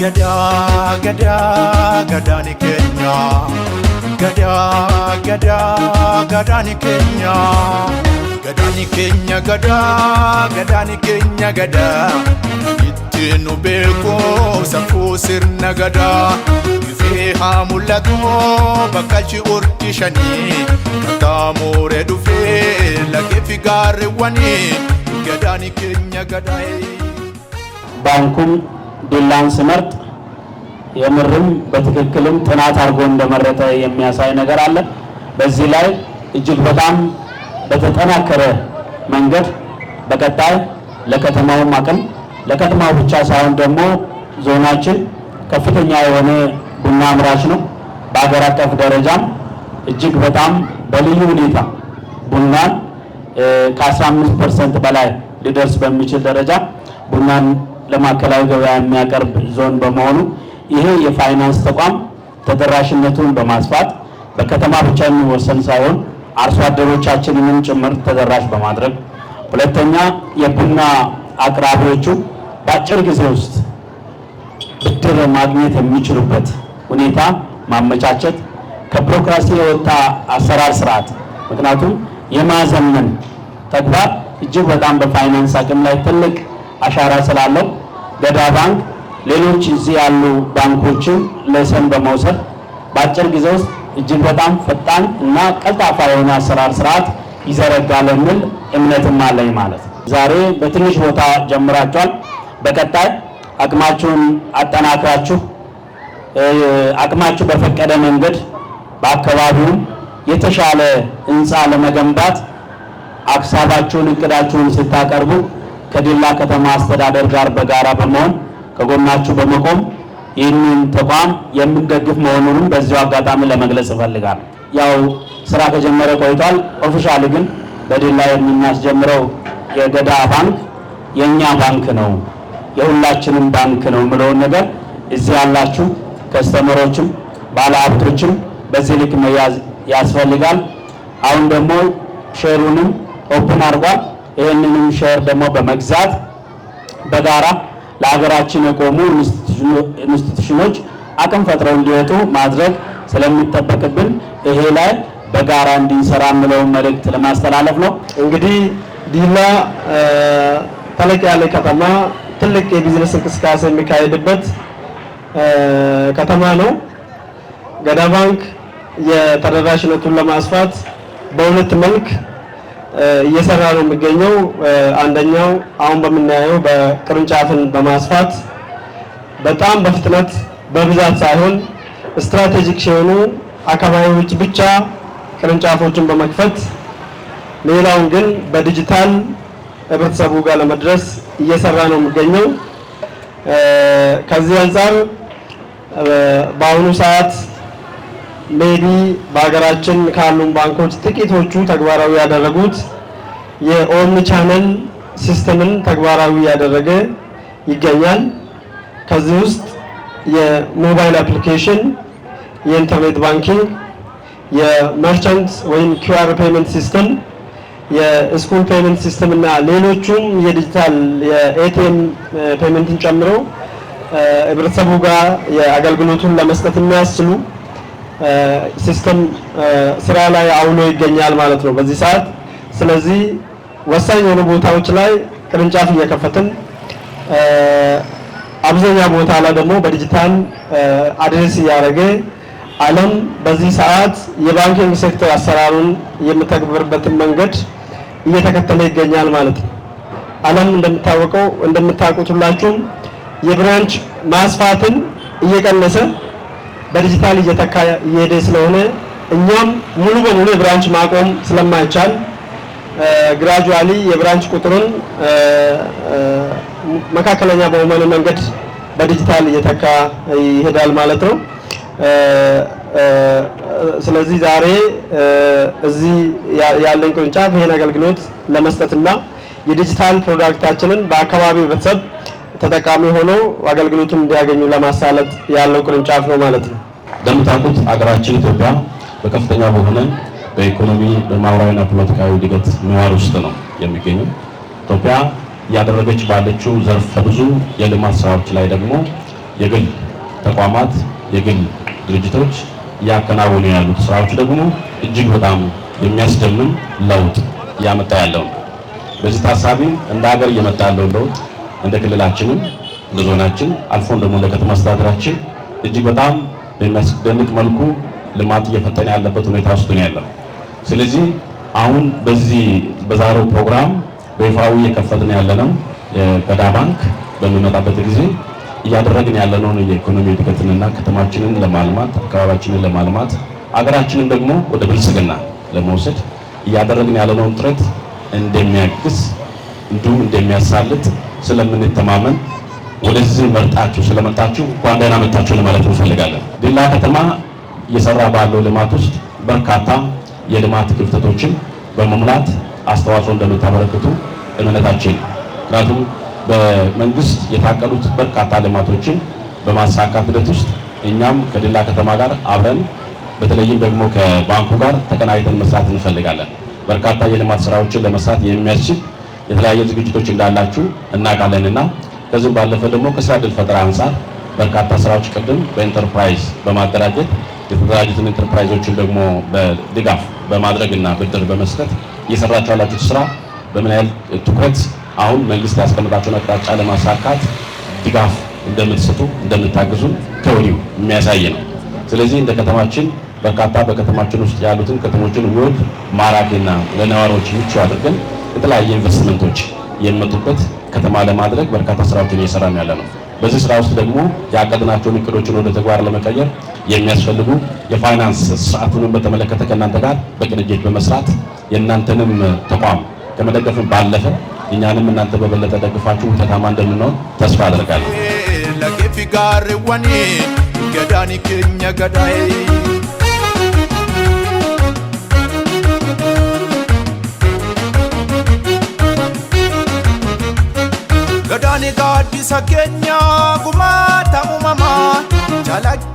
ገዳ ገዳ ገዳን ኬኛ ገዳ ገዳ ገዳን ኬኛ ገዳን ኬኛ ገዳ ገዳን ኬኛ ገዳ ittiin nu beekumsa kuu sirna gadaa ifee haa mul'atu bakka achi ordishanii kataa mooree dhufee lagee fi gaarreewwanii gadaan keenya gadaa. Baankuun ዱላን ስመርጥ የምርም በትክክልም ጥናት አድርጎ እንደመረጠ የሚያሳይ ነገር አለ። በዚህ ላይ እጅግ በጣም በተጠናከረ መንገድ በቀጣይ ለከተማውም አቅም ለከተማው ብቻ ሳይሆን ደግሞ ዞናችን ከፍተኛ የሆነ ቡና አምራች ነው። በሀገር አቀፍ ደረጃም እጅግ በጣም በልዩ ሁኔታ ቡናን ከ15 ፐርሰንት በላይ ሊደርስ በሚችል ደረጃ ቡናን ለማዕከላዊ ገበያ የሚያቀርብ ዞን በመሆኑ ይሄ የፋይናንስ ተቋም ተደራሽነቱን በማስፋት በከተማ ብቻ የሚወሰን ሳይሆን አርሶ አደሮቻችንንም ጭምር ተደራሽ በማድረግ ሁለተኛ የቡና አቅራቢዎቹ በአጭር ጊዜ ውስጥ ብድር ማግኘት የሚችሉበት ሁኔታ ማመቻቸት ከቢሮክራሲ የወጣ አሰራር ስርዓት ምክንያቱም የማዘመን ተግባር እጅግ በጣም በፋይናንስ አቅም ላይ ትልቅ አሻራ ስላለው ገዳ ባንክ፣ ሌሎች እዚህ ያሉ ባንኮችን ለሰን በመውሰድ በአጭር ጊዜ ውስጥ እጅግ በጣም ፈጣን እና ቀልጣፋ የሆነ አሰራር ስርዓት ይዘረጋል የሚል እምነትም አለኝ ማለት ነው። ዛሬ በትንሽ ቦታ ጀምራችኋል። በቀጣይ አቅማችሁን አጠናክራችሁ አቅማችሁ በፈቀደ መንገድ በአካባቢውም የተሻለ ህንፃ ለመገንባት ሀሳባችሁን እቅዳችሁን ስታቀርቡ ከዲላ ከተማ አስተዳደር ጋር በጋራ በመሆን ከጎናችሁ በመቆም ይህንን ተቋም የምንደግፍ መሆኑንም በዚሁ አጋጣሚ ለመግለጽ ይፈልጋል። ያው ስራ ከጀመረ ቆይቷል። ኦፊሻል ግን በዲላ የምናስጀምረው የገዳ ባንክ የእኛ ባንክ ነው፣ የሁላችንም ባንክ ነው የምለውን ነገር እዚህ ያላችሁ ከስተመሮችም ባለሀብቶችም በዚህ ልክ መያዝ ያስፈልጋል። አሁን ደግሞ ሼሩንም ኦፕን አድርጓል። ይህንንም ሼር ደግሞ በመግዛት በጋራ ለሀገራችን የቆሙ ኢንስቲትዩሽኖች አቅም ፈጥረው እንዲወጡ ማድረግ ስለሚጠበቅብን ይሄ ላይ በጋራ እንድንሰራ የምለውን መልእክት ለማስተላለፍ ነው። እንግዲህ ዲላ ተለቅ ያለ ከተማ ትልቅ የቢዝነስ እንቅስቃሴ የሚካሄድበት ከተማ ነው። ገዳ ባንክ የተደራሽነቱን ለማስፋት በሁለት መልክ እየሰራ ነው የሚገኘው። አንደኛው አሁን በምናየው በቅርንጫፍን በማስፋት በጣም በፍጥነት በብዛት ሳይሆን ስትራቴጂክ ሲሆኑ አካባቢዎች ብቻ ቅርንጫፎችን በመክፈት ሌላውን ግን በዲጂታል ህብረተሰቡ ጋር ለመድረስ እየሰራ ነው የሚገኘው። ከዚህ አንጻር በአሁኑ ሰዓት ሜቢ በሀገራችን ካሉን ባንኮች ጥቂቶቹ ተግባራዊ ያደረጉት የኦምኒ ቻነል ሲስተምን ተግባራዊ ያደረገ ይገኛል። ከዚህ ውስጥ የሞባይል አፕሊኬሽን፣ የኢንተርኔት ባንኪንግ፣ የመርቸንት ወይም ኪውአር ፔመንት ሲስተም፣ የስኩል ፔመንት ሲስተም እና ሌሎቹም የዲጂታል የኤቲኤም ፔመንትን ጨምሮ ህብረተሰቡ ጋር የአገልግሎቱን ለመስጠት የሚያስችሉ ሲስተም ስራ ላይ አውሎ ይገኛል ማለት ነው በዚህ ሰዓት። ስለዚህ ወሳኝ የሆኑ ቦታዎች ላይ ቅርንጫፍ እየከፈትን አብዛኛ ቦታ ላይ ደግሞ በዲጂታል አድሬስ እያደረገ ዓለም በዚህ ሰዓት የባንኪንግ ሴክተር አሰራሩን የምተግብርበትን መንገድ እየተከተለ ይገኛል ማለት ነው። ዓለም እንደምታወቀው እንደምታውቁት ሁላችሁም የብራንች ማስፋትን እየቀነሰ በዲጂታል እየተካሄደ ስለሆነ እኛም ሙሉ በሙሉ የብራንች ማቆም ስለማይቻል ግራጁዋሊ የብራንች ቁጥሩን መካከለኛ በሆነ መንገድ በዲጂታል እየተካ ይሄዳል ማለት ነው። ስለዚህ ዛሬ እዚህ ያለን ቅርንጫፍ ይሄን አገልግሎት ለመስጠትና የዲጂታል ፕሮዳክታችንን በአካባቢው ቤተሰብ ተጠቃሚ ሆነው አገልግሎቱን እንዲያገኙ ለማሳለጥ ያለው ቅርንጫፍ ነው ማለት ነው። እንደምታውቁት አገራችን ኢትዮጵያ በከፍተኛ በሆነ በኢኮኖሚ በማህበራዊና ፖለቲካዊ እድገት ምህዋር ውስጥ ነው የሚገኘው። ኢትዮጵያ እያደረገች ባለችው ዘርፈ ብዙ የልማት ስራዎች ላይ ደግሞ የግል ተቋማት፣ የግል ድርጅቶች እያከናወኑ ያሉት ስራዎች ደግሞ እጅግ በጣም የሚያስደምም ለውጥ እያመጣ ያለው ነው። በዚህ ታሳቢ እንደ ሀገር እየመጣ ያለው ለውጥ እንደ ክልላችንም እንደ ዞናችን አልፎም ደግሞ እንደ ከተማ አስተዳደራችን እጅግ በጣም በሚያስደንቅ መልኩ ልማት እየፈጠነ ያለበት ሁኔታ ውስጥ ነው ያለው። ስለዚህ አሁን በዚህ በዛሬው ፕሮግራም በይፋዊ እየከፈትን ያለነው በዳ ባንክ በሚመጣበት ጊዜ እያደረግን ያለነውን የኢኮኖሚ እድገትንና ከተማችንን ለማልማት አካባቢያችንን ለማልማት አገራችንን ደግሞ ወደ ብልጽግና ለመውሰድ እያደረግን ያለነውን ጥረት እንደሚያግዝ እንዲሁም እንደሚያሳልጥ ስለምንተማመን ወደዚህ መርጣችሁ ስለመጣችሁ እንኳን ደህና መጣችሁ ለማለት እንፈልጋለን። ዲላ ከተማ እየሰራ ባለው ልማት ውስጥ በርካታ የልማት ክፍተቶችን በመሙላት አስተዋጽኦ እንደምታበረክቱ እምነታችን። ምክንያቱም በመንግስት የታቀዱት በርካታ ልማቶችን በማሳካት ሂደት ውስጥ እኛም ከዲላ ከተማ ጋር አብረን በተለይም ደግሞ ከባንኩ ጋር ተቀናይተን መስራት እንፈልጋለን። በርካታ የልማት ስራዎችን ለመስራት የሚያስችል የተለያየ ዝግጅቶች እንዳላችሁ እናውቃለንና ከዚህም ባለፈ ደግሞ ከስራ ዕድል ፈጠራ አንጻር በርካታ ስራዎች ቅድም በኢንተርፕራይዝ በማደራጀት የተደራጁትን ኢንተርፕራይዞችን ደግሞ በድጋፍ በማድረግና ብድር በመስጠት እየሰራችሁ ያላችሁት ስራ በምን ያህል ትኩረት አሁን መንግስት ያስቀምጣቸውን አቅጣጫ ለማሳካት ድጋፍ እንደምትሰጡ እንደምታግዙን ከወዲሁ የሚያሳይ ነው። ስለዚህ እንደ ከተማችን በርካታ በከተማችን ውስጥ ያሉትን ከተሞችን ውብ ማራኪና ለነዋሪዎች ምቹ አድርገን የተለያየ ኢንቨስትመንቶች የሚመጡበት ከተማ ለማድረግ በርካታ ስራዎችን እየሰራን ያለ ነው። በዚህ ስራ ውስጥ ደግሞ ያቀድናቸውን እቅዶችን ወደ ተግባር ለመቀየር የሚያስፈልጉ የፋይናንስ ስርዓቱንም በተመለከተ ከእናንተ ጋር በቅንጅት በመስራት የእናንተንም ተቋም ከመደገፍ ባለፈ እኛንም እናንተ በበለጠ ደግፋችሁ ውጤታማ እንደምንሆን ተስፋ አደርጋለሁ። Gaaddisa keenya gumaata uumamaa